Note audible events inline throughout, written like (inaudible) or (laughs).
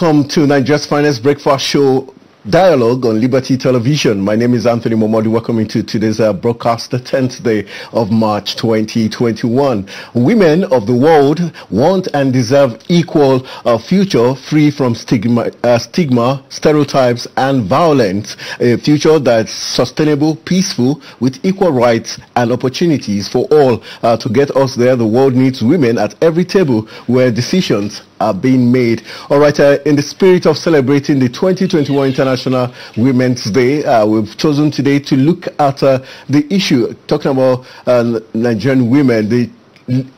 welcome to Nigeria's finest Breakfast Show Dialogue on Liberty Television. My name is Anthony Momodi. Welcome to today's uh, broadcast, the 10th day of March 2021. Women of the world want and deserve equal uh, future free from stigma, uh, stigma, stereotypes and violence. A future that's sustainable, peaceful, with equal rights and opportunities for all. Uh, to get us there, the world needs women at every table where decisions are being made. All right, uh, in the spirit of celebrating the 2021 International Women's Day, uh, we've chosen today to look at uh, the issue, talking about uh, Nigerian women the,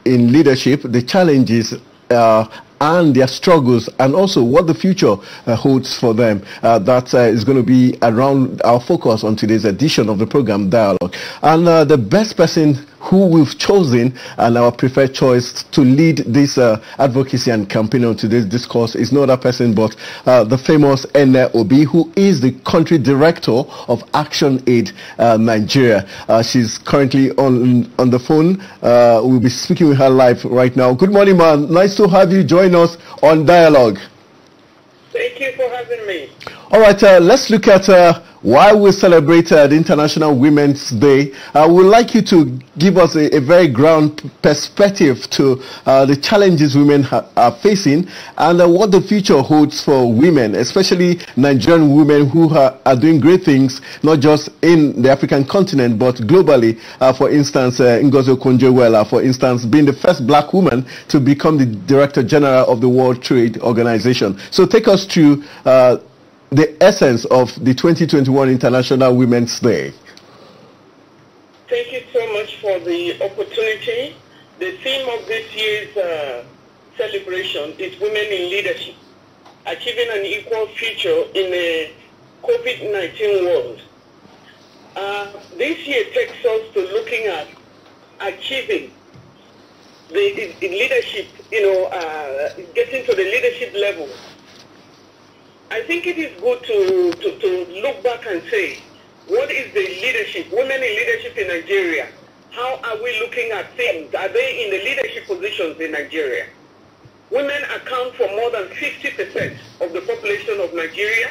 in leadership, the challenges uh, and their struggles and also what the future uh, holds for them. Uh, that uh, is going to be around our focus on today's edition of the program Dialogue. And uh, the best person who we've chosen and our preferred choice to lead this uh, advocacy and campaign on today's discourse is not a person but uh, the famous NLOB Obi, who is the country director of Action Aid uh, Nigeria. Uh, she's currently on on the phone. Uh, we'll be speaking with her live right now. Good morning, ma'am. Nice to have you join us on Dialogue. Thank you for having me. All right, uh, let's look at uh, why we celebrate uh, the International Women's Day. I uh, would like you to give us a, a very ground perspective to uh, the challenges women are facing and uh, what the future holds for women, especially Nigerian women who are, are, doing great things, not just in the African continent, but globally. for instance, uh, Ngozi Okonjo-Iweala, for instance, being the first black woman to become the Director General of the World Trade Organization. So take us to the essence of the 2021 International Women's Day? Thank you so much for the opportunity. The theme of this year's uh, celebration is Women in Leadership, achieving an equal future in a COVID-19 world. Uh, this year takes us to looking at achieving the leadership, you know, uh, getting to the leadership level I think it is good to, to, to look back and say, what is the leadership, women in leadership in Nigeria? How are we looking at things? Are they in the leadership positions in Nigeria? Women account for more than 50% of the population of Nigeria,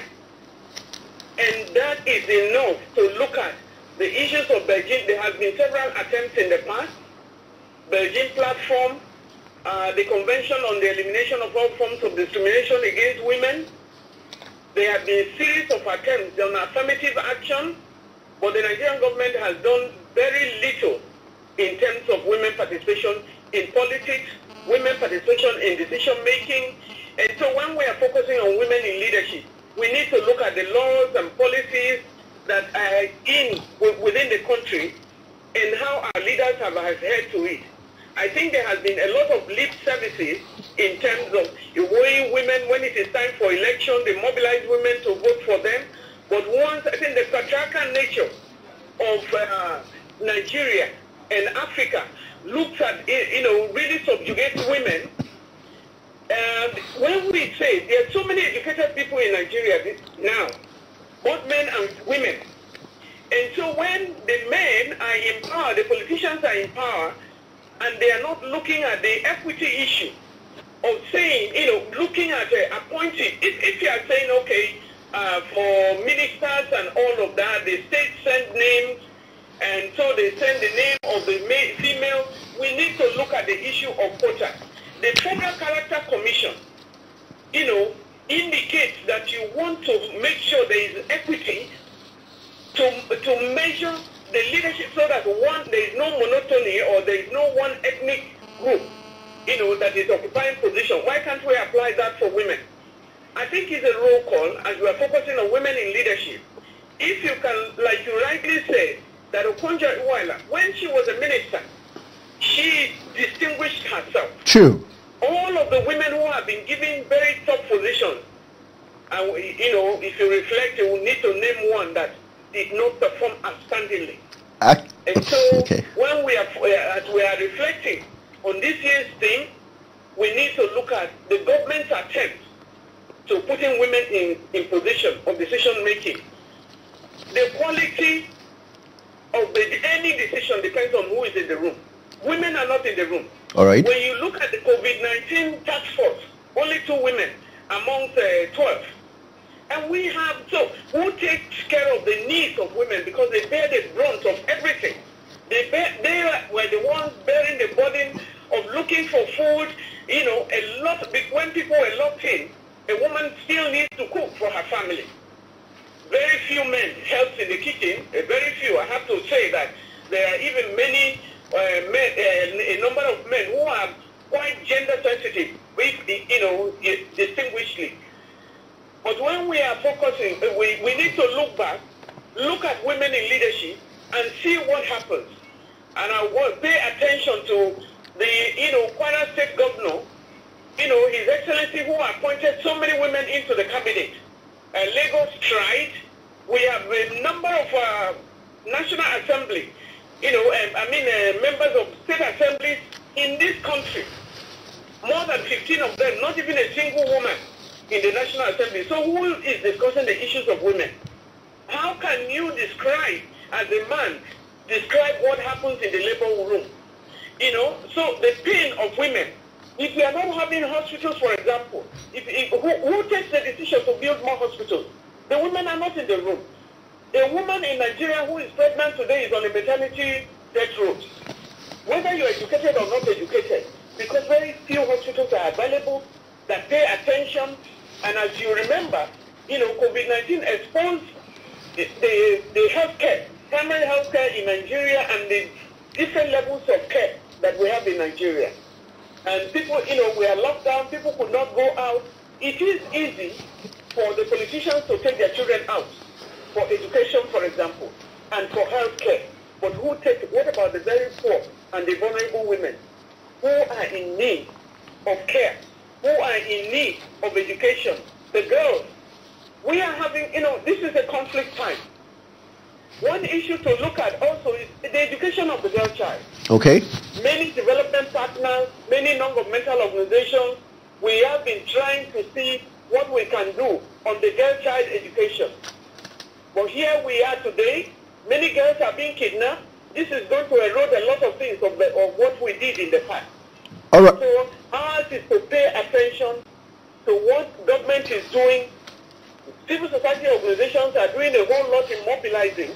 and that is enough to look at the issues of Beijing. There have been several attempts in the past. Beijing platform, uh, the Convention on the Elimination of All Forms of Discrimination Against Women, there have been a series of attempts on affirmative action, but the Nigerian government has done very little in terms of women participation in politics, women participation in decision making. And so when we are focusing on women in leadership, we need to look at the laws and policies that are in within the country and how our leaders have adhered to it. I think there has been a lot of lip services in terms of way women, when it is time for election, they mobilize women to vote for them. But once, I think the patriarchal nature of uh, Nigeria and Africa looks at, you know, really subjugates women. And when we say there are so many educated people in Nigeria now, both men and women. And so when the men are in power, the politicians are in power, and they are not looking at the equity issue of saying, you know, looking at uh, appointing. If, if you are saying, okay, uh, for ministers and all of that, the state send names, and so they send the name of the male, female. We need to look at the issue of quota. The Federal Character Commission, you know, indicates that you want to make sure there is equity to, to measure the leadership so that one there is no monotony or there is no one ethnic group, you know, that is occupying position. Why can't we apply that for women? I think it's a roll call as we are focusing on women in leadership. If you can, like you rightly said, that Okonjo Iweala, when she was a minister, she distinguished herself. True. All of the women who have been given very top positions, and uh, you know, if you reflect, you will need to name one that did not perform outstandingly. I, and so (laughs) okay. when we are, as we are reflecting on this year's thing, we need to look at the government's attempt to putting women in, in position of decision making. The quality of the, any decision depends on who is in the room. Women are not in the room. All right. When you look at the COVID-19 task force, only two women amongst uh, 12 and we have, so who takes care of the needs of women because they bear the brunt of everything. They, bear, they were the ones bearing the burden of looking for food. You know, a lot, when people were locked in, a woman still needs to cook for her family. Very few men help in the kitchen, very few. I have to say that there are even many uh, men, uh, a number of men who are quite gender sensitive, with, you know, distinguishedly. But when we are focusing, eh, we, we need to look back, look at women in leadership, and see what happens. And I will pay attention to the, you know, Kwara State Governor, you know, His Excellency who appointed so many women into the cabinet. Uh, Lagos tried. We have a number of uh, National Assembly, you know, um, I mean, uh, members of state assemblies in this country. More than 15 of them, not even a single woman in the National Assembly. So who is discussing the issues of women? How can you describe, as a man, describe what happens in the labor room? You know, so the pain of women. If we are not having hospitals, for example, if, if who, who takes the decision to build more hospitals? The women are not in the room. A woman in Nigeria who is pregnant today is on a maternity death row. Whether you're educated or not educated, because very few hospitals are available that pay attention and as you remember, you know, COVID-19 exposed the, the, the healthcare, primary healthcare in Nigeria and the different levels of care that we have in Nigeria. And people, you know, we are locked down, people could not go out. It is easy for the politicians to take their children out for education, for example, and for healthcare. But who take, what about the very poor and the vulnerable women who are in need of care who are in need of education, the girls. We are having, you know, this is a conflict time. One issue to look at also is the education of the girl child. Okay. Many development partners, many non-governmental organizations, we have been trying to see what we can do on the girl child education. But here we are today, many girls are being kidnapped. This is going to erode a lot of things of, the, of what we did in the past. All right. So ours is to pay attention to what government is doing. Civil society organizations are doing a whole lot in mobilizing.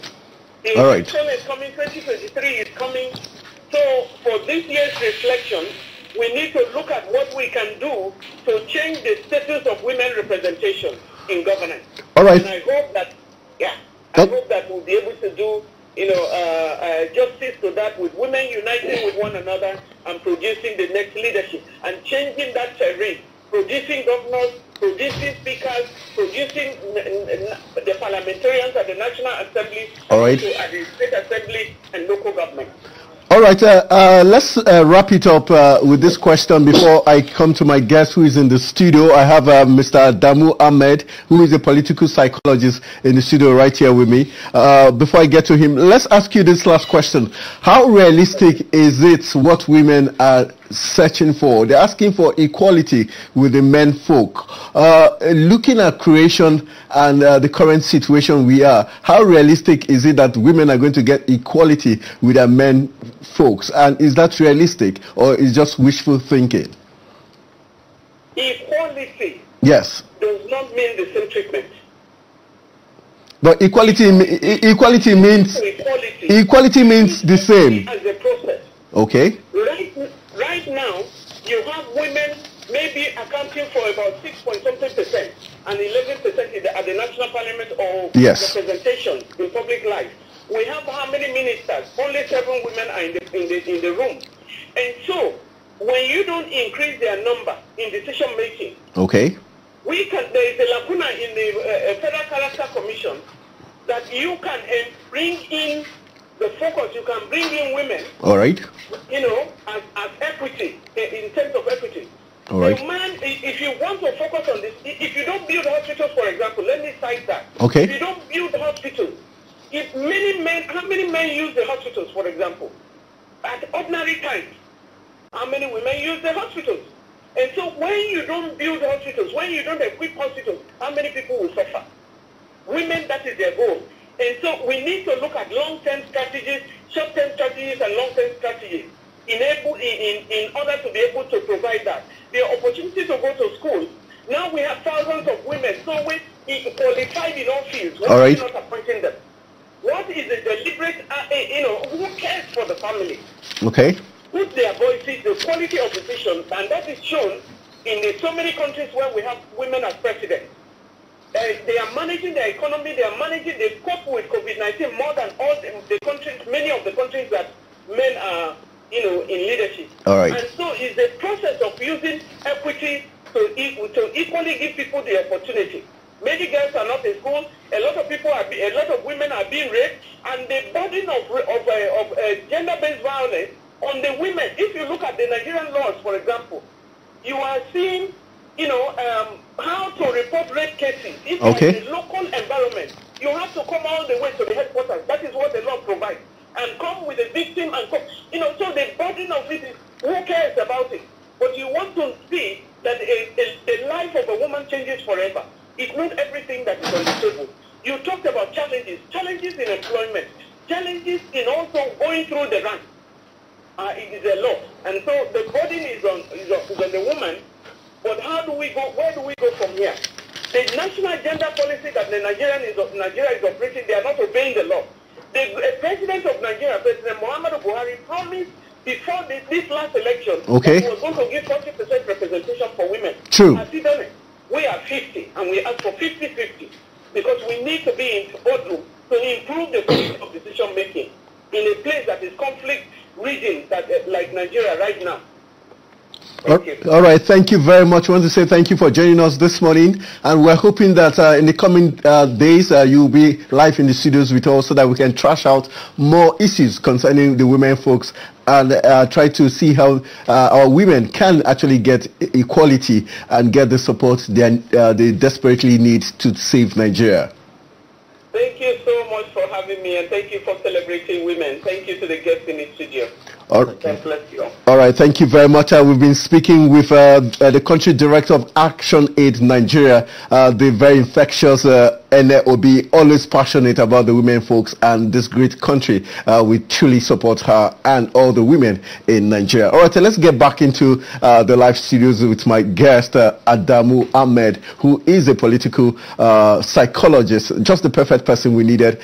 The All right. is coming, 2023 is coming. So for this year's reflection, we need to look at what we can do to change the status of women representation in governance. All right. And I hope that, yeah, I that, hope that we'll be able to do you know, uh, uh, justice to that with women uniting with one another and producing the next leadership and changing that terrain, producing governors, producing speakers, producing n- n- the parliamentarians at the National Assembly, All right. at the State Assembly and local government. All right, uh, uh, let's uh, wrap it up uh, with this question before I come to my guest who is in the studio. I have uh, Mr. Damu Ahmed, who is a political psychologist in the studio right here with me. Uh, before I get to him, let's ask you this last question. How realistic is it what women are searching for. They're asking for equality with the men folk. Uh, looking at creation and uh, the current situation we are, how realistic is it that women are going to get equality with their men folks? And is that realistic or is just wishful thinking? Equality. Yes. Does not mean the same treatment. But equality, equality means equality, equality means the same. As a process. Okay. Right right now, you have women maybe accounting for about 6 point something percent and 11 percent at the national parliament or yes. representation in public life. We have how many ministers? Only seven women are in the, in the, in the room. And so, when you don't increase their number in decision making, okay, we can. There is a lacuna in the uh, uh Federal Character Commission that you can uh, bring in the focus, you can bring in women. All right. You know, as, as equity, eh, in terms of equity. All right. A man, if you want to focus on this, if you don't build hospitals, for example, let me cite that. Okay. If you don't build hospitals, if many men, how many men use the hospitals, for example, at ordinary times? How many women use the hospitals? And so when you don't build hospitals, when you don't equip hospitals, how many people will suffer? Women, that is their goal. And so we need to look at long-term strategies, short-term strategies, and long-term strategies in, able, in, in order to be able to provide that. The opportunity to go to school. Now we have thousands of women so we qualified in all fields. Why All right. Are not appointing them? What is the deliberate, uh, eh, you know, who cares for the family? Okay. Put their voices, the quality of decisions, and that is shown in so many countries where we have women as presidents they are managing their economy, they are managing, they cope with COVID-19 more than all the, the, countries, many of the countries that men are, you know, in leadership. All right. And so it's a process of using equity to, to equally give people the opportunity. Many girls are not in school. A lot of people are, a lot of women are being raped, and the burden of of, uh, of uh, gender-based violence on the women. If you look at the Nigerian laws, for example, you are seeing you know, um, how to report red cases. If okay. in local environment, you have to come all the way to the headquarters. That is what the law provides. And come with the victim and come, you know, so the burden of it is who cares about it? But you want to see that the life of a woman changes forever. It's not everything that is on the table. You talked about challenges, challenges in employment, challenges in also going through the ranks. Uh, it is a lot. And so the burden is on, is on, is on the woman but how do we go? Where do we go from here? The national gender policy that the Nigerian is, Nigeria is operating, they are not obeying the law. The president of Nigeria, President Muhammadu Buhari, promised before this, this last election okay. that he was going to give 40% representation for women. True. he done it, we are 50, and we ask for 50-50 because we need to be in boardroom to improve the quality of decision making in a place that is conflict region that, eh, like Nigeria right now. Thank all right, thank you very much. I want to say thank you for joining us this morning, and we're hoping that uh, in the coming uh, days uh, you'll be live in the studios with us so that we can trash out more issues concerning the women folks and uh, try to see how uh, our women can actually get equality and get the support they, uh, they desperately need to save Nigeria. Thank you having me and thank you for celebrating women. Thank you to the guests in the studio. All right. you. All right, thank you very much. Uh, we've been speaking with uh, uh, the country director of Action Aid Nigeria, uh, the very infectious uh, NLOB, always passionate about the women folks and this great country. Uh, we truly support her and all the women in Nigeria. All right, so uh, let's get back into the live studios with my guest, Adamu Ahmed, who is a political psychologist, just the perfect person we needed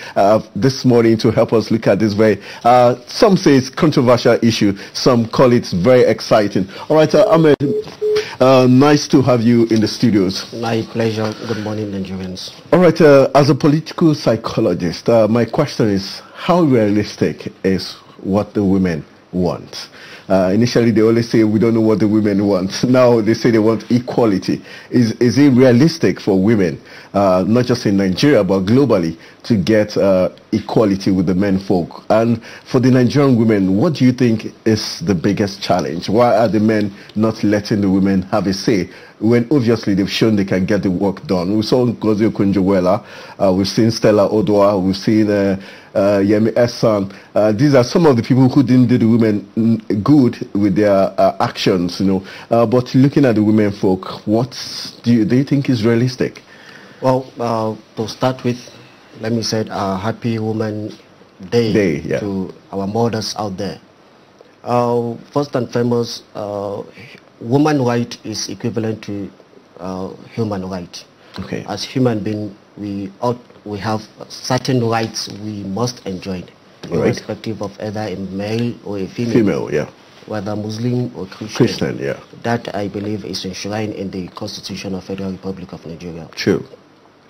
this morning to help us look at this very, uh, some say it's controversial issue, some call it very exciting. All right, uh, Ahmed, uh, nice to have you in the studios. My pleasure. Good morning, Nigerians. All right, uh, as a political psychologist, uh, my question is how realistic is what the women want? Uh, initially, they always say we don't know what the women want. (laughs) Now they say they want equality. Is is it realistic for women, uh, not just in Nigeria but globally, to get uh, equality with the men folk? And for the Nigerian women, what do you think is the biggest challenge? Why are the men not letting the women have a say? when obviously they've shown they can get the work done. We saw Ngozi Okonjo-Iweala, uh, we've seen Stella Odwa, we've seen uh, uh, Yemi Esan. Uh, these are some of the people who didn't do the women good with their uh, actions, you know. Uh, but looking at the women folk, what do you, do you think is realistic? Well, uh, to start with, let me say a uh, happy woman day, day yeah. to our mothers out there. first and foremost, woman right is equivalent to human right. Okay. As human being, we ought we have certain rights we must enjoy, right. irrespective of either a male or a female. Female, yeah. Whether Muslim or Christian. Christian, yeah. That I believe is enshrined in the Constitution of Federal Republic of Nigeria. True.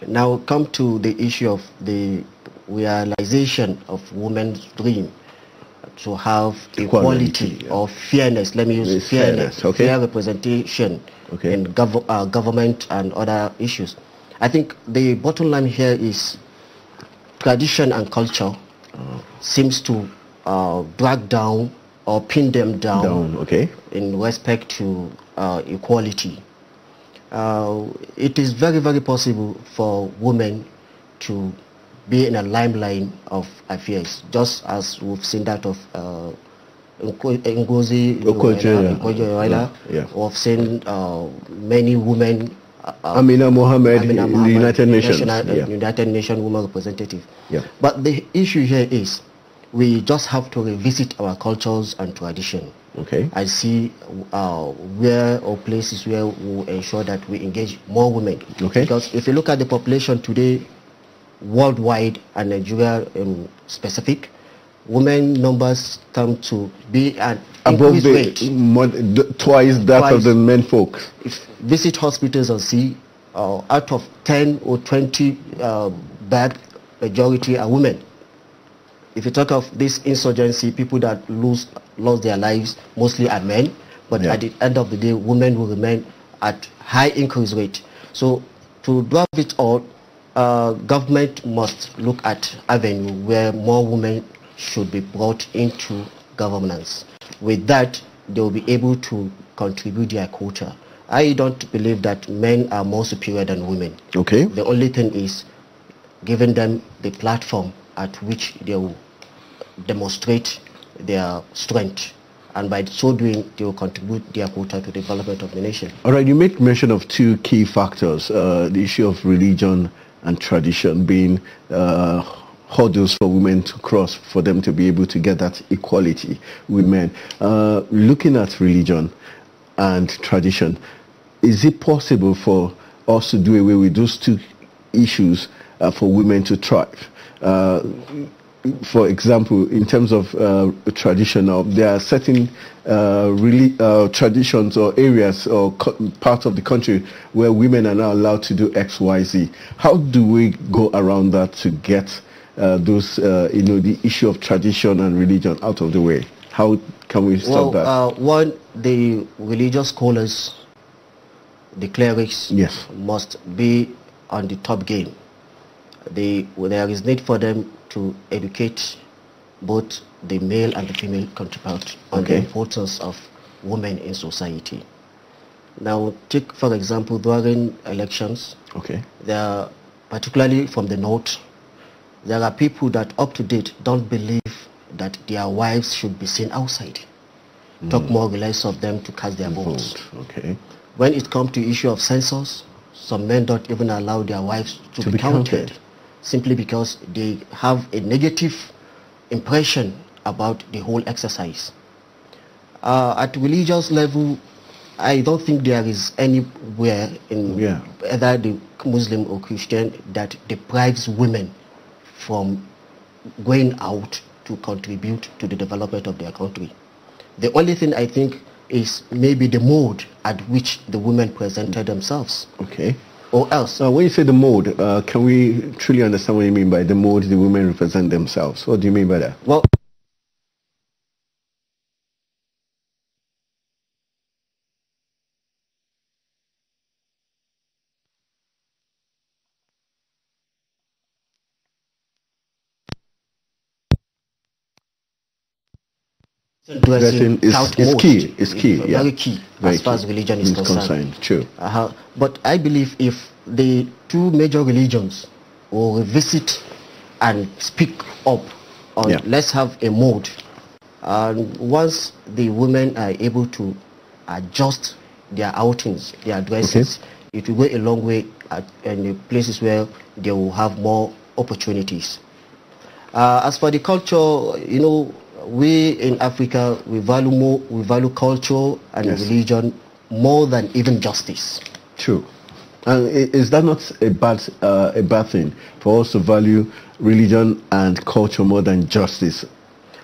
Now come to the issue of the realization of women's dream to have equality, equality yeah. or fairness. Let me use fairness, fairness, okay. fair representation okay. in gov uh, government and other issues. I think the bottom line here is tradition and culture uh, seems to uh, drag down or pin them down, down okay. in respect to uh, equality. Uh, it is very, very possible for women to be in a limelight of affairs, just as we've seen that of uh, Ngozi Okoje, yeah. We've seen uh, many women uh, Amina Mohammed, Amina Mohammed United Nations, National, uh, yeah. United Nations woman Representative. Yeah. But the issue here is we just have to revisit our cultures and tradition. Okay. I see uh, where or places where we ensure that we engage more women. Okay. Because if you look at the population today, worldwide and Nigeria specific, women numbers tend to be at above the, rate. More, twice that twice. of the men folk. If visit hospitals and see uh, out of 10 or 20 uh, bad majority are women. If you talk of this insurgency, people that lose lost their lives mostly are men, but yeah. at the end of the day, women will remain at high increase rate. So to drive it all, uh, government must look at avenue where more women should be brought into governance. With that, they will be able to contribute their quota. I don't believe that men are more superior than women. Okay. The only thing is giving them the platform at which they will demonstrate their strength. And by so doing, they will contribute their quota to the development of the nation. All right, you make mention of two key factors, uh, the issue of religion and tradition being uh, hurdles for women to cross for them to be able to get that equality with men. Uh, looking at religion and tradition, is it possible for us to do away with those two issues uh, for women to thrive? Uh, for example, in terms of uh, traditional, there are certain uh, really, uh, traditions or areas or parts of the country where women are not allowed to do X, Y, Z. How do we go around that to get uh, those, uh, you know, the issue of tradition and religion out of the way? How can we stop well, that? Uh, one, the religious scholars, the clerics, yes. must be on the top game. They, there is need for them to educate both the male and the female counterpart on okay. the importance of women in society. Now, take for example during elections. Okay. There, particularly from the north, there are people that up to date don't believe that their wives should be seen outside. Mm. Talk hmm. more or less of them to cast their votes. Okay. When it comes to issue of censors, some men don't even allow their wives to, to be, be counted, counted, simply because they have a negative impression about the whole exercise. Uh, at religious level, I don't think there is anywhere in yeah. either the Muslim or Christian that deprives women from going out to contribute to the development of their country. The only thing I think is maybe the mode at which the women presented themselves. Okay. Or else. Now, when you say the mode, uh, can we truly understand what you mean by the mode the women represent themselves? What do you mean by that? Well. blessing is, is key. Is key. yeah. Very key as far as religion is concerned. concerned. True. Uh-huh. But I believe if the two major religions will revisit and speak up on yeah. let's have a mode. And once the women are able to adjust their outings, their dresses, okay. it will go a long way And in the places where they will have more opportunities. Uh, as for the culture, you know, we in Africa, we value more, we value culture and yes. religion more than even justice. True. And is that not a bad, uh, a bad thing for us to value religion and culture more than justice?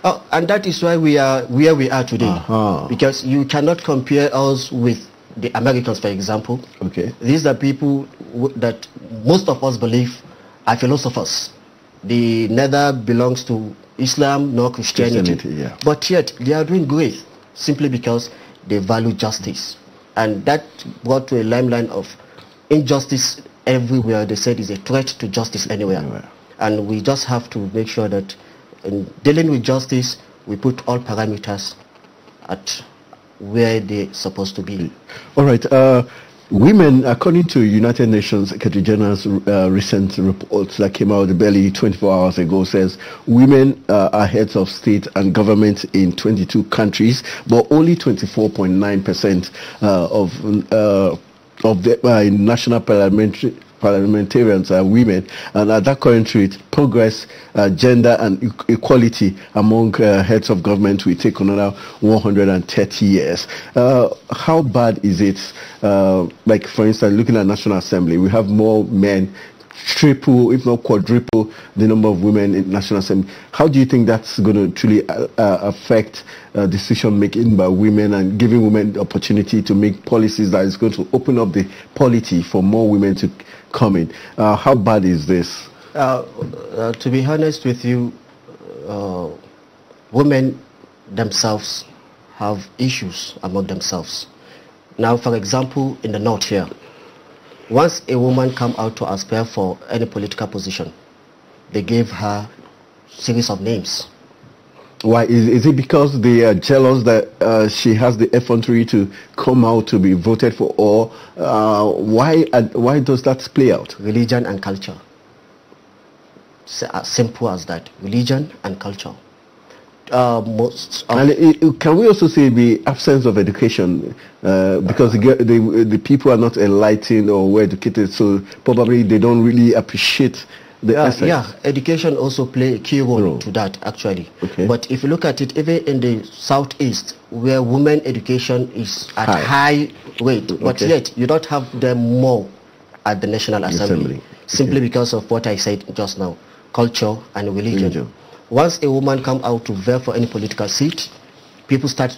Oh, and that is why we are where we are today. Uh-huh. Because you cannot compare us with the Americans, for example. Okay. These are people w- that most of us believe are philosophers. The nether belongs to Islam nor Christianity. Christianity yeah. But yet they are doing great simply because they value justice. And that brought to a limeline of injustice everywhere. They said is a threat to justice anywhere. anywhere. And we just have to make sure that in dealing with justice, we put all parameters at where they're supposed to be. All right. Uh, Women, according to United Nations Secretary General's uh, recent report that came out barely 24 hours ago, says women uh, are heads of state and government in 22 countries, but only 24.9% uh, of uh, of the uh, national parliamentary parliamentarians are women, and at that current rate, progress, uh, gender, and e equality among uh, heads of government will take another 130 years. Uh, how bad is it? Uh, like, for instance, looking at National Assembly, we have more men triple, if not quadruple, the number of women in National Assembly. How do you think that's going to truly uh, uh, affect uh, decision making by women and giving women the opportunity to make policies that is going to open up the polity for more women to coming. Uh, how bad is this? Uh, uh to be honest with you, uh, women themselves have issues among themselves. Now, for example, in the north here, once a woman come out to aspire for any political position, they gave her series of names why is, is it because they are jealous that uh, she has the effrontery to come out to be voted for, or uh, why uh, why does that play out? Religion and culture. as uh, simple as that. Religion and culture. Uh, most and it, can we also say the absence of education uh, because the, the, the people are not enlightened or well educated, so probably they don't really appreciate the Yeah, education also play a key role no. to that actually. Okay. But if you look at it, even in the southeast, where women education is at high, high rate, okay. but yet you don't have them more at the National Assembly, simply because of what I said just now, culture and religion. religion. Once a woman come out to vie for any political seat, people start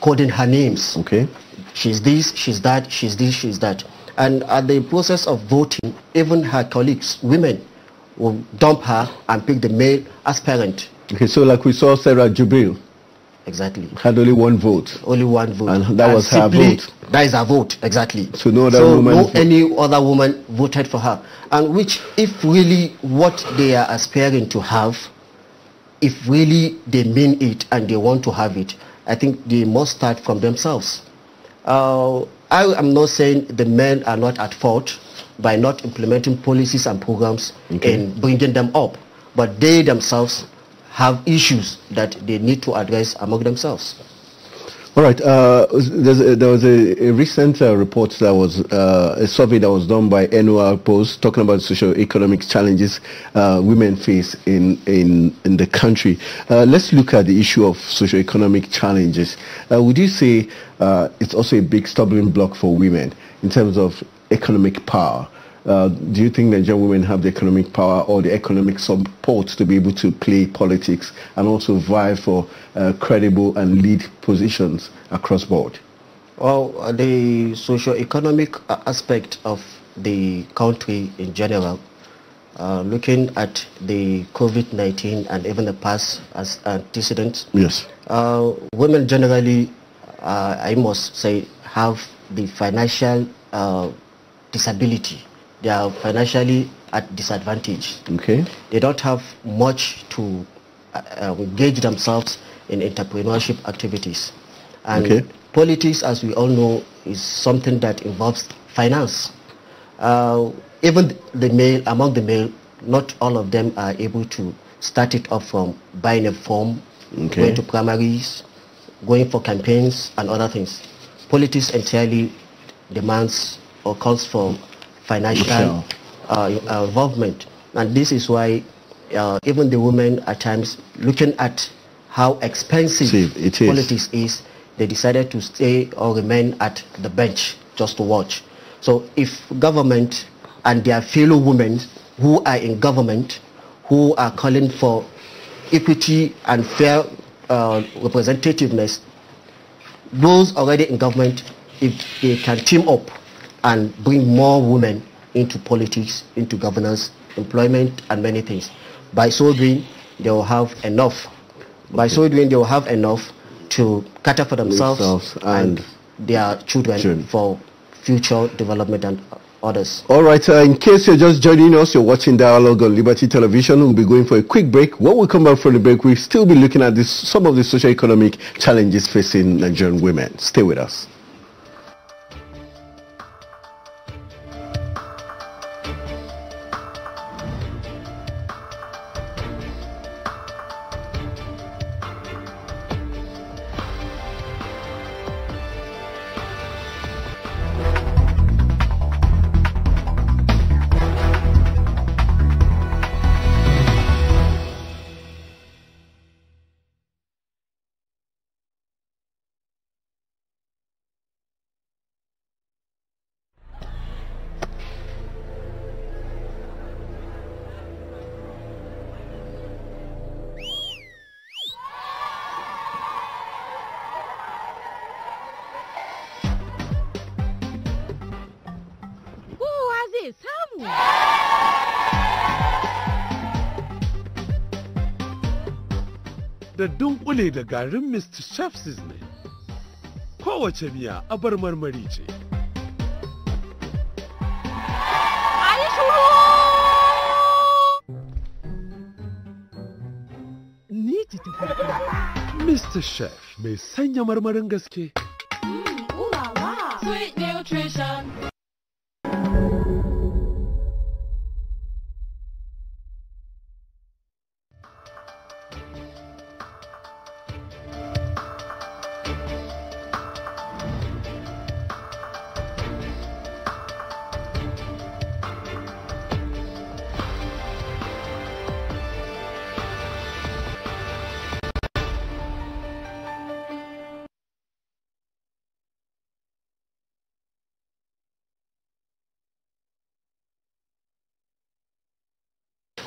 calling her names. Okay. She's this, she's that, she's this, she's that. And at the process of voting, even her colleagues, women, will dump her and pick the male aspirant. Okay, so like we saw Sarah Jubril. Exactly. Had only one vote. Only one vote. And that and was simply, her vote. That is her vote, exactly. So no other so woman. No any other woman voted for her. And which, if really what they are aspiring to have, if really they mean it and they want to have it, I think they must start from themselves. Uh, I am not saying the men are not at fault by not implementing policies and programs okay. and bringing them up. But they themselves have issues that they need to address among themselves. All right. Uh, there was a, a recent uh, report that was uh, a survey that was done by NOR Post talking about socio-economic challenges uh, women face in, in, in the country. Uh, let's look at the issue of socio-economic challenges. Uh, would you say it's also a big stumbling block for women in terms of economic power? Uh, do you think Nigerian women have the economic power or the economic support to be able to play politics and also vie for uh, credible and lead positions across board? Well, uh, the socio-economic uh, aspect of the country in general, uh, looking at the COVID-19 and even the past as antecedents, yes. women generally, I must say, have the financial disability they are financially at disadvantage. Okay. They don't have much to uh, uh, engage themselves in entrepreneurship activities. And okay. politics, as we all know, is something that involves finance. Uh, even the male, among the male, not all of them are able to start it off from buying a form, okay. going to primaries, going for campaigns and other things. Politics entirely demands or calls for financial uh, involvement. And this is why uh, even the women at times, looking at how expensive See, it is. politics is, they decided to stay or remain at the bench just to watch. So if government and their fellow women who are in government, who are calling for equity and fair uh, representativeness, those already in government, if they can team up and bring more women into politics, into governance, employment, and many things. By so doing, they will have enough. By okay. so doing, they will have enough to cater for themselves, themselves and, and, their children, children for future development and others. All right. Uh, in case you're just joining us, you're watching Dialogue on Liberty Television. We'll be going for a quick break. When we come back from the break, we'll still be looking at this, some of the socio-economic challenges facing Nigerian women. Stay with us. garin Mr. Chef's ne. Kowace miya abar marmari ce. Mr. Chef mai sanya marmarin gaske.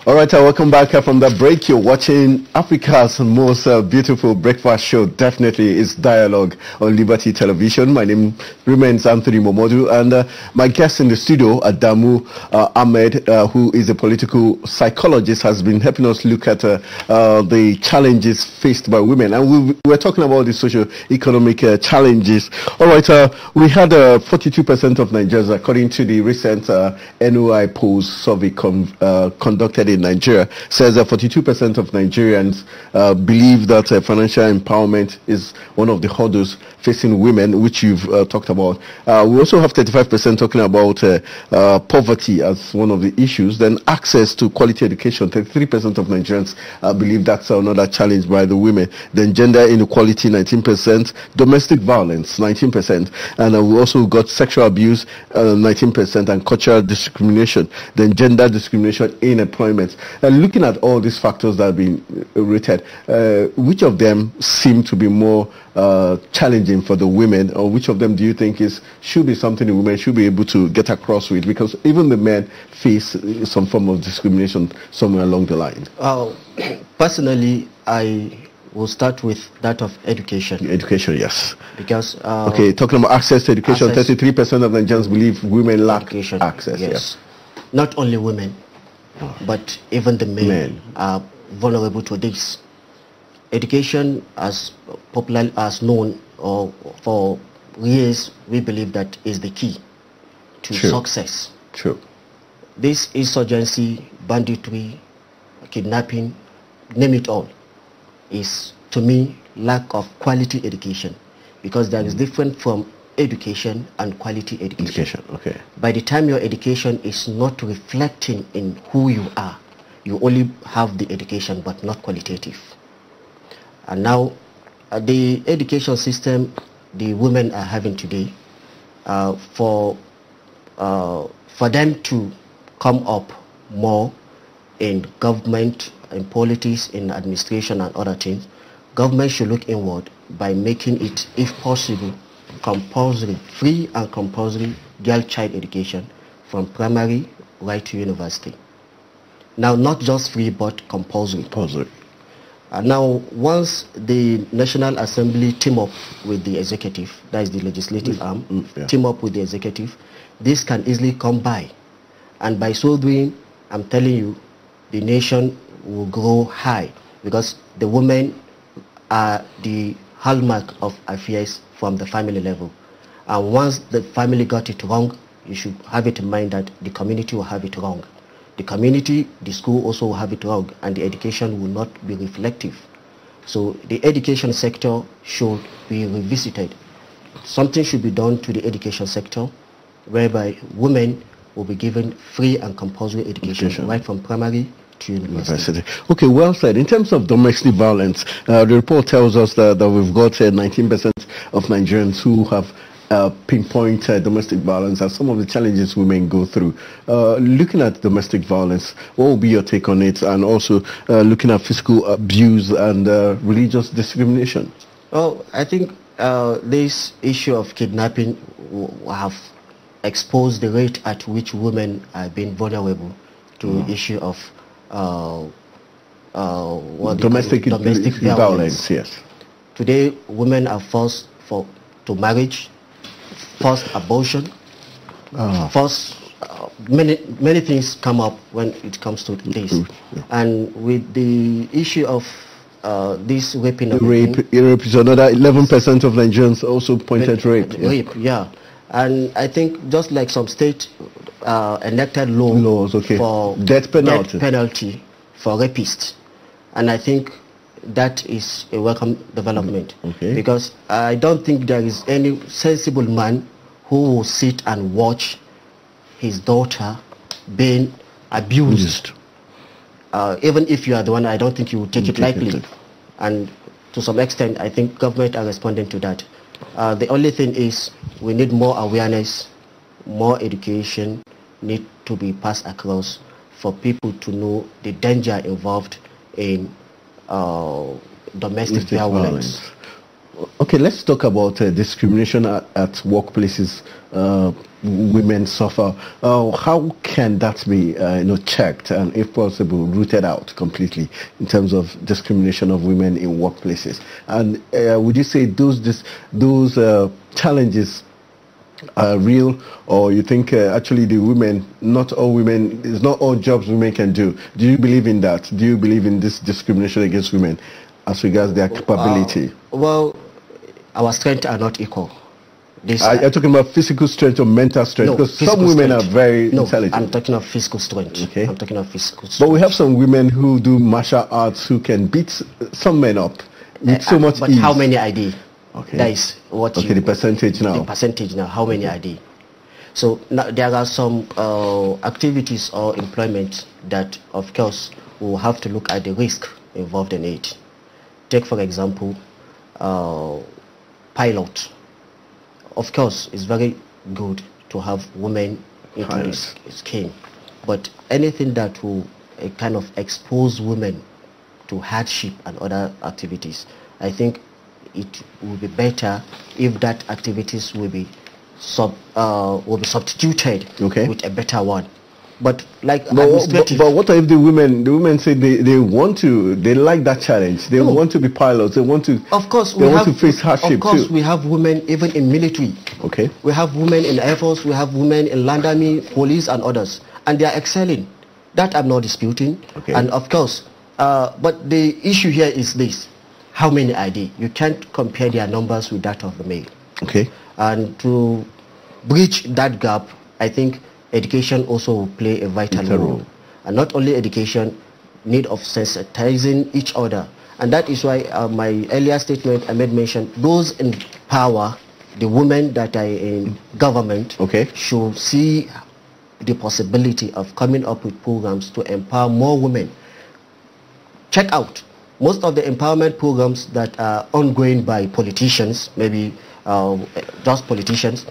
All right, uh, welcome back uh, from the break. You're watching Africa's most uh, beautiful breakfast show. Definitely, it's dialogue on Liberty Television. My name remains Anthony Momodu, and uh, my guest in the studio, Adamu uh, Ahmed, who is a political psychologist, has been helping us look at the challenges faced by women. And we, are talking about the socio-economic challenges. All right, we had 42% of Nigerians, according to the recent NOI polls survey conducted in Nigeria says that 42% of Nigerians uh, believe that uh, financial empowerment is one of the hurdles facing women, which you've uh, talked about. Uh, we also have 35% talking about uh, uh, poverty as one of the issues. Then access to quality education, 33% of Nigerians believe that's another challenge by the women. Then gender inequality, 19%. Domestic violence, 19%. And we also got sexual abuse, 19%, and cultural discrimination. Then gender discrimination in employment looking at all these factors that have been uh, rated, uh, which of them seem to be more uh, challenging for the women, or which of them do you think is should be something the women should be able to get across with? Because even the men face uh, some form of discrimination somewhere along the line. Well, (clears throat) personally, I will start with that of education. Education, yes. Because uh, okay, talking about access to education, thirty-three percent of Nigerians believe women lack education. access. Yes. yes. not only women but even the men, men. are vulnerable to this. Education, as popular as known or for years, we believe that is the key to True. success. True. This insurgency, banditry, kidnapping, name it all, is to me lack of quality education because there is mm. different from education and quality education. education. Okay. By the time your education is not reflecting in who you are, you only have the education but not qualitative. And now, uh, the education system the women are having today, uh, for uh, for them to come up more in government, in politics, in administration and other things, government should look inward by making it, if possible, compulsory, free and compulsory girl child education from primary right to university. Now, not just free, but compulsory. Compulsory. And uh, now, once the National Assembly team up with the executive, that is the legislative mm arm, mm yeah. team up with the executive, this can easily come by. And by so doing, I'm telling you, the nation will grow high because the women are the hallmark of affairs from the family level. And once the family got it wrong, you should have it in mind that the community will have it wrong. The community, the school also will have it wrong, and the education will not be reflective. So the education sector should be revisited. Something should be done to the education sector whereby women will be given free and compulsory education, education. right from primary University. Okay, well said. In terms of domestic violence, uh, the report tells us that, that we've got 19% uh, of Nigerians who have uh, pinpoint domestic violence as some of the challenges women go through. Uh, looking at domestic violence, what will be your take on it? And also uh, looking at physical abuse and religious discrimination. Well, I think this issue of kidnapping have exposed the rate at which women are being vulnerable to mm. issue of uh, uh, domestic, domestic violence. violence. Yes. Today, women are forced for to marriage, forced abortion, ah. forced uh, many many things come up when it comes to mm, this, yeah. and with the issue of uh, this raping rape, rape is another eleven percent of Nigerians also pointed rape. Rape, yeah. yeah. And I think just like some state uh, enacted law laws okay. for death penalty. death penalty for rapists. And I think that is a welcome development mm, okay. because I don't think there is any sensible man who will sit and watch his daughter being abused. Uh, even if you are the one, I don't think you will take you it take lightly. It. And to some extent, I think government are responding to that. Uh, the only thing is we need more awareness, more education need to be passed across for people to know the danger involved in uh, domestic violence. violence. Okay, let's talk about uh, discrimination at, at workplaces uh, women suffer. Uh, how can that be, uh, you know, checked and, if possible, rooted out completely in terms of discrimination of women in workplaces? And uh, would you say those dis- those uh, challenges are real, or you think actually the women, not all women, it's not all jobs women can do? Do you believe in that? Do you believe in this discrimination against women as regards their capability? well, our strengths are not equal. This, I, you're talking about physical strength or mental strength no, because some women are very no, intelligent. I'm talking of physical strength. Okay. I'm talking of physical strength. But we have some women who do martial arts who can beat some men up uh, with uh, so much But ease. how many ID? Okay. That is what Okay, you, the percentage now. The percentage now. How many ID? So now there are some uh, activities or employment that, of course, we will have to look at the risk involved in it. Take, for example, uh, pilot of course, it's very good to have women into this scheme, but anything that will uh, kind of expose women to hardship and other activities, I think it will be better if that activities will be sub uh, will be substituted okay. with a better one. But like, but, but, but, what if the women? The women say they, they want to. They like that challenge. They no. want to be pilots. They want to. Of course, they we want have, to face hardship Of course, too. we have women even in military. Okay. We have women in air force. We have women in land army, police, and others, and they are excelling. That I'm not disputing. Okay. And of course, uh, but the issue here is this: how many are they? You can't compare their numbers with that of the male. Okay. And to bridge that gap, I think education also will play a vital, role. role. And not only education, need of sensitizing each other. And that is why uh, my earlier statement I made mention, those in power, the women that are in government, okay. should see the possibility of coming up with programs to empower more women. Check out most of the empowerment programs that are ongoing by politicians, maybe uh, just politicians,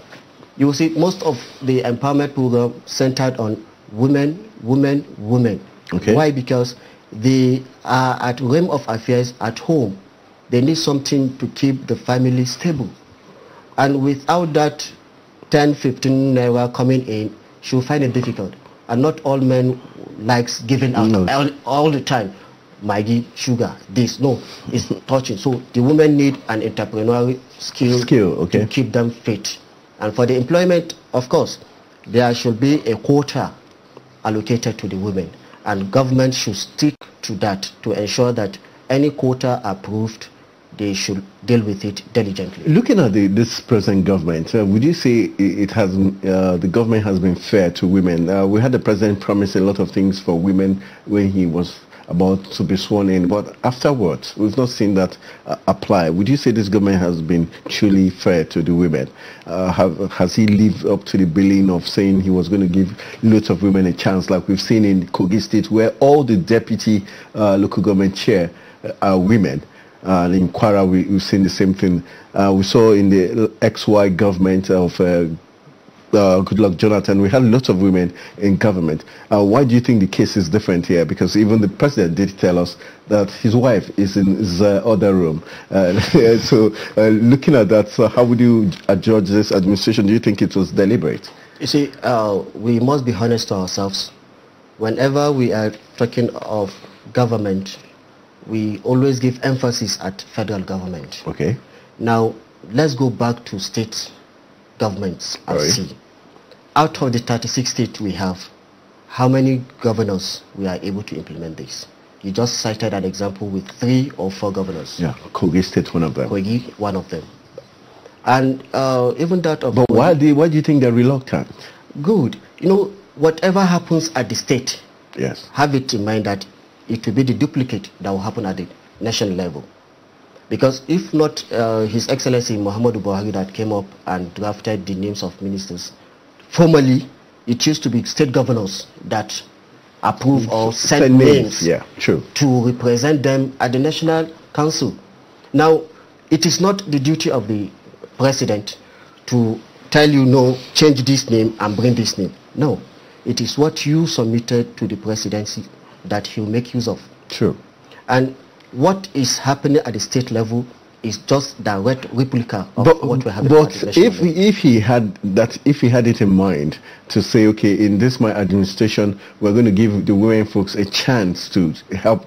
you will see most of the empowerment program centered on women, women, women. Okay. Why? Because they are at realm of affairs at home. They need something to keep the family stable. And without that 10, 15 naira coming in, she will find it difficult. And not all men likes giving out no. all, all the time. Maggie, sugar, this. No, it's (laughs) touching. So the women need an entrepreneurial skill, skill okay. to keep them fit. And for the employment, of course, there should be a quota allocated to the women. And government should stick to that to ensure that any quota approved, they should deal with it diligently. Looking at the, this present government, uh, would you say it has uh, the government has been fair to women? Uh, we had the president promise a lot of things for women when he was about to be sworn in. But afterwards, we've not seen that uh, apply. Would you say this government has been truly fair to the women? Uh, have, has he lived up to the billing of saying he was going to give lots of women a chance, like we've seen in Kogi State, where all the deputy uh, local government chair uh, are women? Uh, in Kwara, we, have seen the same thing. Uh, we saw in the XY government of uh, uh, good luck Jonathan, we had a lot of women in government. Uh, why do you think the case is different here? Because even the president did tell us that his wife is in the other room. Uh, (laughs) so uh, looking at that, so how would you judge this administration? Do you think it was deliberate? You see, uh, we must be honest to ourselves. Whenever we are talking of government, we always give emphasis at federal government. Okay. Now, let's go back to states governments at right. sea. Out of the 36 states we have, how many governors we are able to implement this? You just cited an example with three or four governors. Yeah, Kogi State, one of them. Kogi, one of them. And uh, even that of... But why do, why do you think they're reluctant? Good. You know, whatever happens at the state, yes. have it in mind that it will be the duplicate that will happen at the national level. Because if not uh, His Excellency Muhammadu Buhari that came up and drafted the names of ministers, formally it used to be state governors that approve or send, send names, names yeah, true. to represent them at the National Council. Now, it is not the duty of the president to tell you, no, change this name and bring this name. No, it is what you submitted to the presidency that he'll make use of. True. And what is happening at the state level is just direct replica of but, what we have. But if level. if he had that, if he had it in mind to say, okay, in this my administration, we're going to give the women folks a chance to help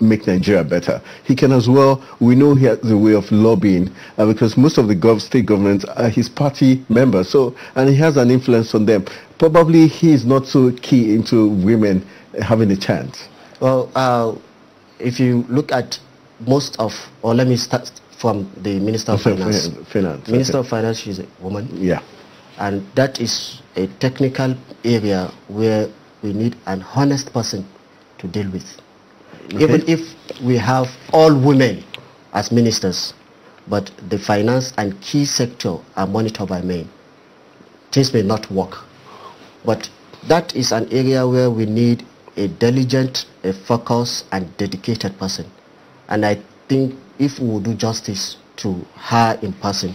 make Nigeria better. He can as well, we know he has the way of lobbying uh, because most of the gov- state governments are his party members. So, and he has an influence on them. Probably he is not so key into women having a chance. Well, uh, if you look at most of, or let me start from the Minister of Finance. Finance. Minister okay. of Finance, she's a woman. Yeah. And that is a technical area where we need an honest person to deal with. Okay. Even if we have all women as ministers, but the finance and key sector are monitored by men, things may not work. But that is an area where we need a diligent, a focused, and dedicated person. And I think if we do justice to her in person,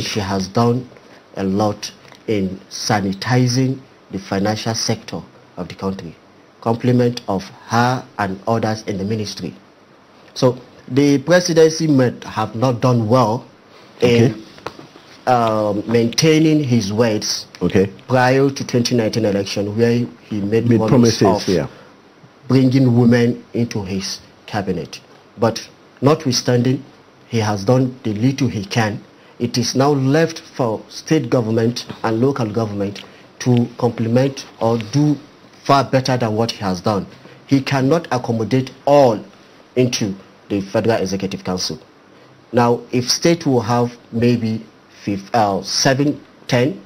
she has done a lot in sanitizing the financial sector of the country. Compliment of her and others in the ministry. So the presidency might have not done well okay. in um, maintaining his words okay. prior to 2019 election where he made, made promises of yeah bringing women into his cabinet. But notwithstanding, he has done the little he can. It is now left for state government and local government to complement or do far better than what he has done. He cannot accommodate all into the Federal Executive Council. Now, if state will have maybe five, uh, seven, ten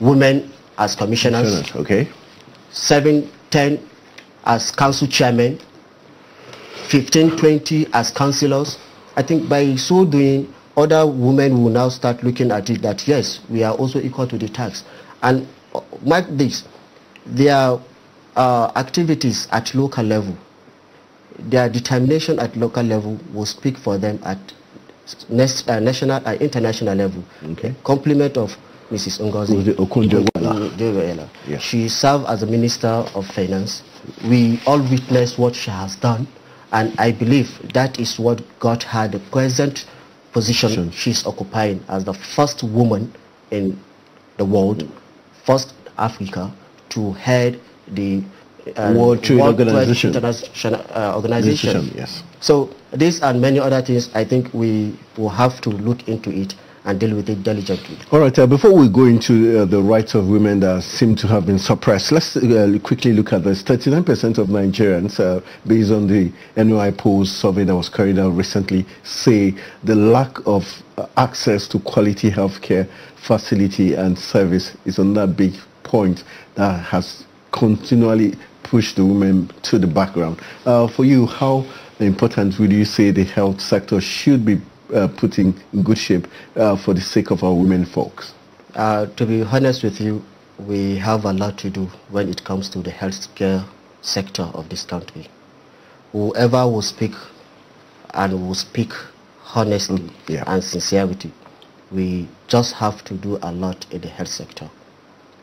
women as commissioners, okay. seven, ten as council chairman, 15, 20 as councillors. I think by so doing, other women will now start looking at it that yes, we are also equal to the tax. And uh, mark this, their uh, activities at local level, their determination at local level will speak for them at next, uh, national and uh, international level. Okay. Compliment of Mrs. Ngozi She served as the Minister of Finance we all witness what she has done, and I believe that is what got her the present position sure. she's occupying as the first woman in the world, first Africa to head the uh, World Trade Organization. International uh, Organization. Yes. So this and many other things, I think we will have to look into it and deal with it diligently. All right, uh, before we go into uh, the rights of women that seem to have been suppressed, let's uh, quickly look at this. 39% of Nigerians, uh, based on the NOI polls survey that was carried out recently, say the lack of uh, access to quality healthcare facility and service is another big point that has continually pushed the women to the background. Uh, for you, how important would you say the health sector should be uh, putting in, good shape uh, for the sake of our women folks? Uh, to be honest with you, we have a lot to do when it comes to the healthcare sector of this country. Whoever will speak and will speak honestly mm, yeah. and sincerity, we just have to do a lot in the health sector.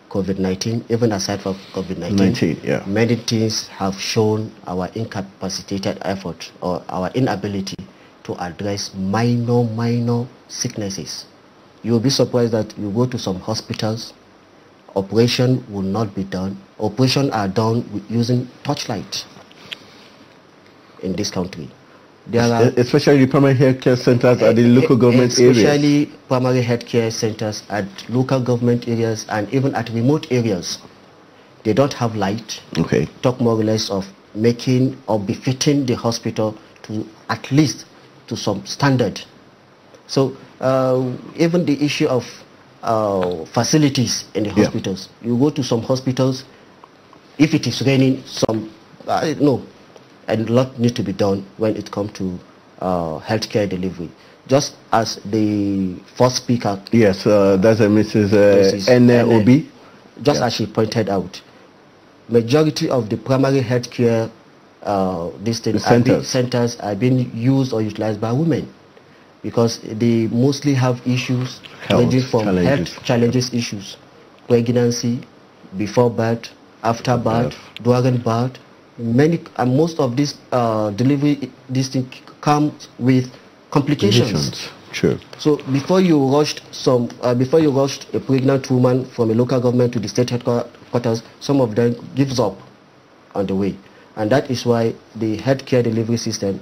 COVID-19, even aside from COVID-19, yeah. many things have shown our incapacitated effort or our inability to address minor, minor sicknesses. You'll be surprised that you go to some hospitals, operation will not be done. Operation are done using torchlight in this country. There are especially primary healthcare centers at the eh, local eh, government especially areas. Especially primary healthcare centers at local government areas and even at remote areas. They don't have light. Okay. Talk more or less of making or befitting the hospital to at least to some standard. So uh, even the issue of uh, facilities in the hospitals, yeah. you go to some hospitals, if it is raining, some uh, no, a lot needs to be done when it comes to uh, healthcare delivery. Just as the first speaker, yes, uh, that's a Mrs. Uh, Just yeah. as she pointed out, majority of the primary healthcare uh, these things centers. Are being, centers are being used or utilized by women because they mostly have issues ranging from challenges. health challenges issues, pregnancy, before birth, after birth, during birth. Many and most of these uh, delivery these things come with complications. Sure. So before you rushed some, uh, before you rushed a pregnant woman from a local government to the state headquarters, some of them gives up on the way. And that is why the healthcare delivery system,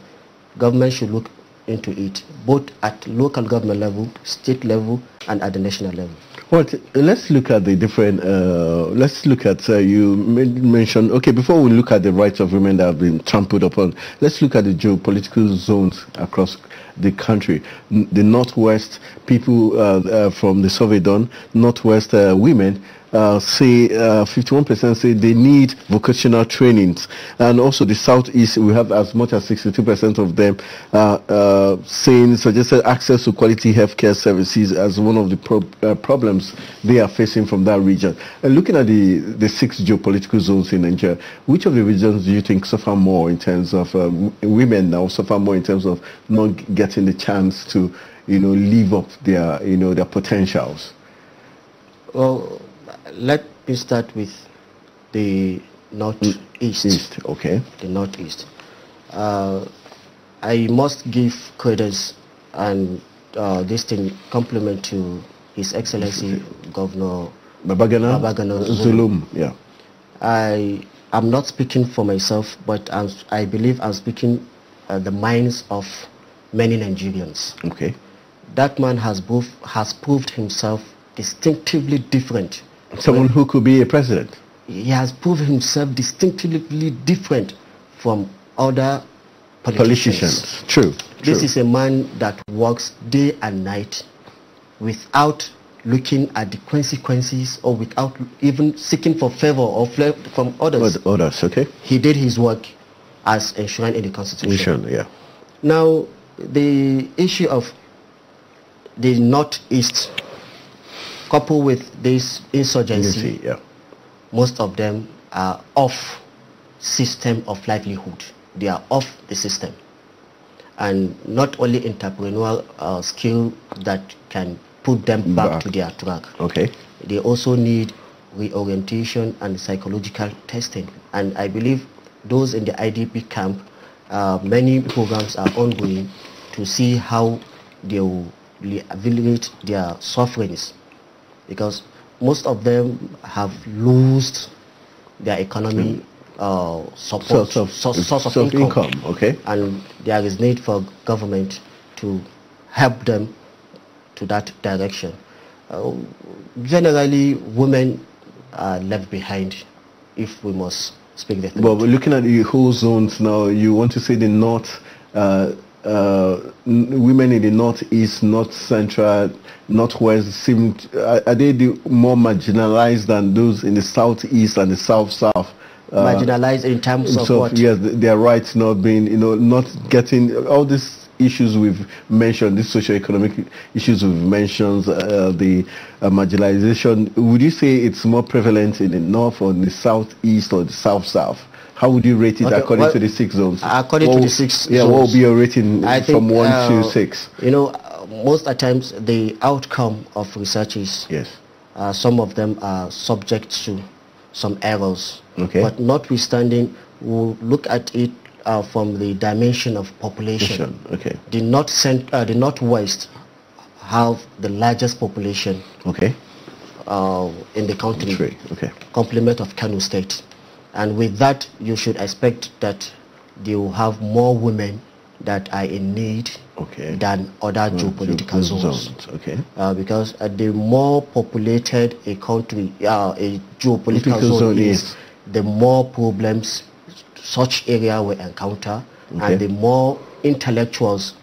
government should look into it, both at local government level, state level, and at the national level. Well, let's look at the different, uh, let's look at, uh, you mentioned, okay, before we look at the rights of women that have been trampled upon, let's look at the geopolitical zones across the country. N the Northwest, people uh, uh from the Soviet Northwest uh, women, uh, say 51% uh, say they need vocational trainings, and also the southeast we have as much as 62% of them uh, uh, saying suggested access to quality healthcare services as one of the pro uh, problems they are facing from that region. And looking at the the six geopolitical zones in Nigeria, which of the regions do you think suffer more in terms of women now suffer more in terms of not getting the chance to you know live up their you know their potentials? Well, let me start with the northeast. Mm. East, okay. The northeast. Uh, I must give credence and uh, this thing compliment to His Excellency Governor Babagana, Babagana Zulum. Yeah. I am not speaking for myself, but I'm, i believe I'm speaking uh, the minds of many Nigerians. Okay. That man has both has proved himself distinctively different someone who could be a president. He has proven himself distinctively different from other politicians. politicians. True. This true. is a man that works day and night without looking at the consequences or without even seeking for favor or from others. Others, okay. He did his work as enshrined in the Constitution. Mission, yeah. Now, the issue of the Northeast coupled with this insurgency, yeah. most of them are off system of livelihood. They are off the system. And not only entrepreneurial uh, skill that can put them back, back, to their track. Okay. They also need reorientation and psychological testing. And I believe those in the IDP camp, uh, many programs are ongoing to see how they will alleviate their sufferings because most of them have lost their economy uh, support source of, source of income. income. Okay, and there is need for government to help them to that direction. Uh, generally, women are left behind if we must speak the truth. Well, looking at the whole zones now, you want to say the north. Uh, uh, women in the northeast, north central, northwest seem are they the more marginalized than those in the southeast and the south south? Uh, marginalized in terms of what? Yes, their rights not being, you know, not getting all these issues we've mentioned, these socioeconomic economic issues we've mentioned, uh, the uh, marginalization. Would you say it's more prevalent in the north or in the southeast or the south south? how would you rate it okay, according well, to the six zones? According what to the six Yeah, zones, what would be your rating I from think, one uh, to six? You know, most of the times the outcome of research is yes. Uh, some of them are subject to some errors. Okay. But notwithstanding, we we'll look at it uh, from the dimension of population. Okay. The north cent- uh, the northwest have the largest population. Okay. Uh, in the country. Okay. Complement of Kano State. And with that, you should expect that they will have more women that are in need okay. than other well, geopolitical zones. zones. Okay. Uh, because uh, the more populated a country, uh, a geopolitical zone, zone, is, is, the more problems such area will encounter, okay. and the more intellectuals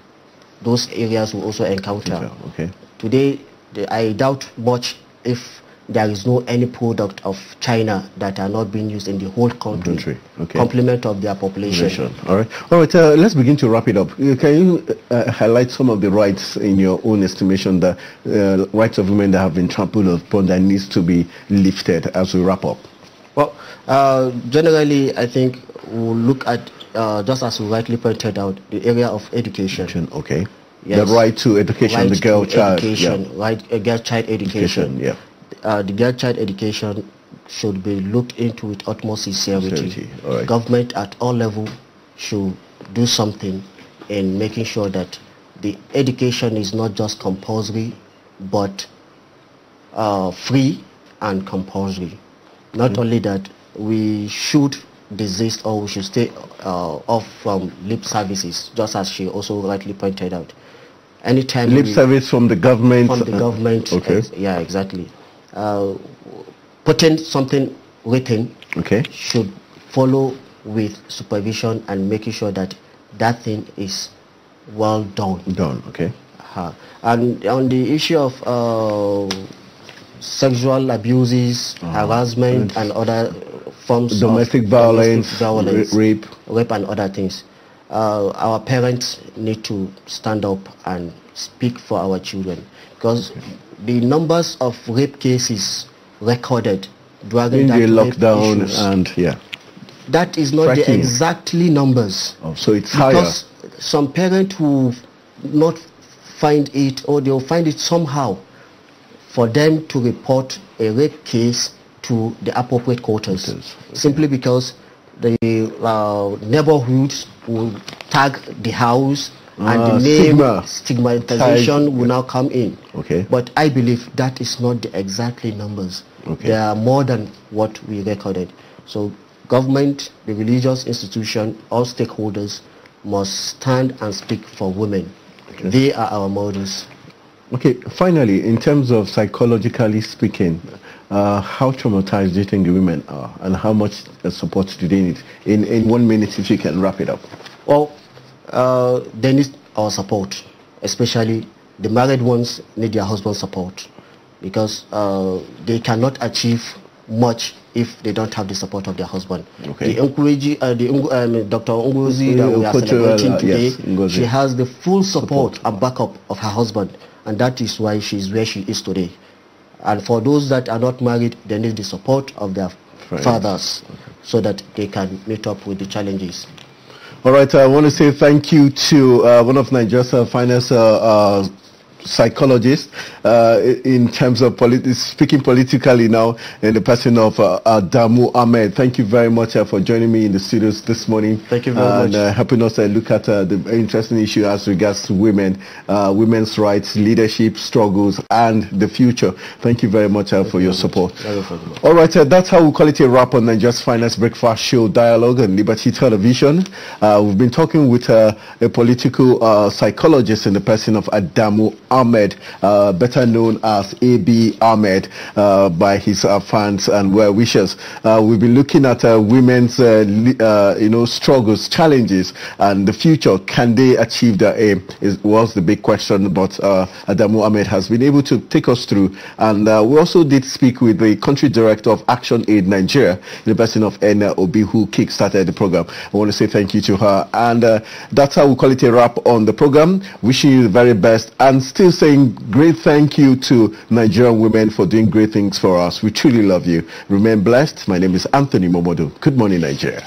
those areas will also encounter. Okay. Today, the, I doubt much if there is no any product of China that are not being used in the whole country. country. Okay. Complement of their population. All right. All right. Uh, let's begin to wrap it up. Uh, can you uh, highlight some of the rights in your own estimation, the uh, rights of women that have been trampled upon that needs to be lifted as we wrap up? Well, uh, generally, I think we'll look at, uh, just as we rightly pointed out, the area of education. education okay. Yes. The right to education, right the girl child. Education, yeah. Right, girl child education. education yeah uh, the girl child education should be looked into with utmost sincerity. Government at all level should do something in making sure that the education is not just compulsory, but uh, free and compulsory. Not mm -hmm. only that, we should desist or we should stay uh, off from lip services, just as she also rightly pointed out. Anytime lip service from the government, from the uh, government, okay. yeah, exactly uh, putting something written okay. should follow with supervision and making sure that that thing is well done. Done, okay. Uh, and on the issue of uh, sexual abuses, uh-huh. harassment, and other forms domestic of violence, domestic violence, rape, rape, and other things. Uh, our parents need to stand up and speak for our children because okay the numbers of rape cases recorded during the lockdown issues, and yeah that is not the exactly numbers oh, so it's because higher some parents will not find it or they'll find it somehow for them to report a rape case to the appropriate quarters okay. simply because the uh, neighborhoods will tag the house and ah, the name stigma. stigmatization will now come in. Okay. But I believe that is not the exactly numbers. Okay. There are more than what we recorded. So government, the religious institution, all stakeholders must stand and speak for women. Okay. They are our models. Okay, finally, in terms of psychologically speaking, uh, how traumatized do you think women are and how much uh, support do they need? In, in one minute, if you can wrap it up. Well, uh, they need our support, especially the married ones need their husband's support because uh, they cannot achieve much if they don't have the support of their husband. Okay. The uh, the um, Dr. Ngozi mm, that we are uh, celebrating today, yes, she has the full support, support and backup of her husband, and that is why she is where she is today. And for those that are not married, they need the support of their fathers okay. so that they can meet up with the challenges. All right, uh, I want to say thank you to uh, one of Nigeria's uh, finest uh, uh, psychologist uh, in terms of politi- speaking politically now in the person of uh, Adamu Ahmed. Thank you very much uh, for joining me in the studios this morning. Thank you very and, much. And uh, helping us uh, look at uh, the interesting issue as regards to women, women's rights, leadership, struggles, and the future. Thank you very much for you your support. All right, that's how we call it a wrap on the Just Finance Breakfast Show Dialogue on Liberty Television. we've been talking with a political psychologist in the person of Adamu Ahmed, uh, better known as AB Ahmed uh, by his uh, fans and well wishers. Uh, we've been looking at uh, women's, you know, struggles, challenges, and the future. Can they achieve their aim? Is, was the big question. But Adamu Ahmed has been able to take us through, and we also did speak with the country director of Action Aid Nigeria, the person of Enna Obi, who kick-started the program. I want to say thank you to her, and that's how we call it a wrap on the program. Wishing you the very best and still saying great thank you to Nigerian women for doing great things for us. We truly love you. Remain blessed. My name is Anthony Momodo. Good morning, Nigeria.